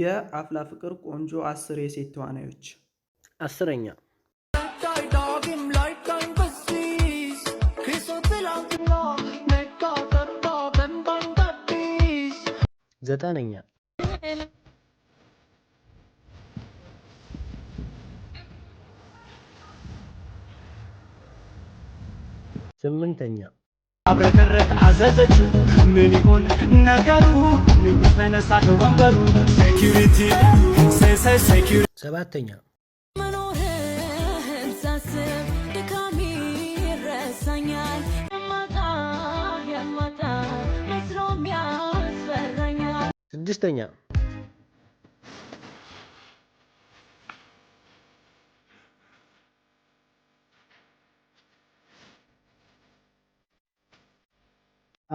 የአፍላ ፍቅር ቆንጆ አስር የሴት ተዋናዮች። አስረኛ ዘጠነኛ ስምንተኛ አብረከረክ አዘዘች ምን ይሆን ነገሩ? ንጉሥ ተነሳ ከወንበሩ። ሴኪሪቲ ሴኪሪቲ ሰባተኛ ስድስተኛ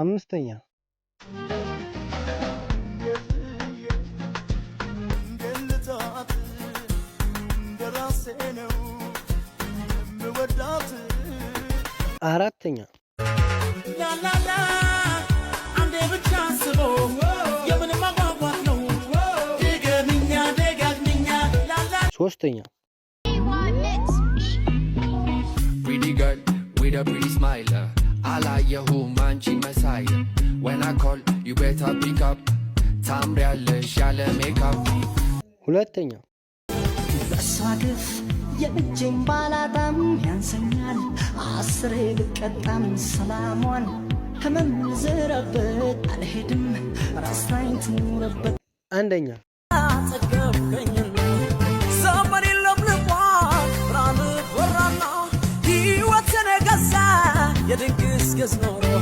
አምስተኛ አራተኛ አንዴ ብቻ አስበው የምን ማጓጓት ነው ደግምኛ ደጋግምኛ ሶስተኛ Pretty girl with uh. አላየሁም አንቺ መሳይ ወና ዩ ቤታ ፒካፕ ታምሪያለሽ ያለ ሜካፕ። ሁለተኛ በሷ ግፍ የእጄን ባላጣም ያንሰኛል አስሬ ብቀጣም ሰላሟን ከምምዝረበት አልሄድም ራስታይን ትኑረበት። አንደኛ የድንግስ ገዝኖሮ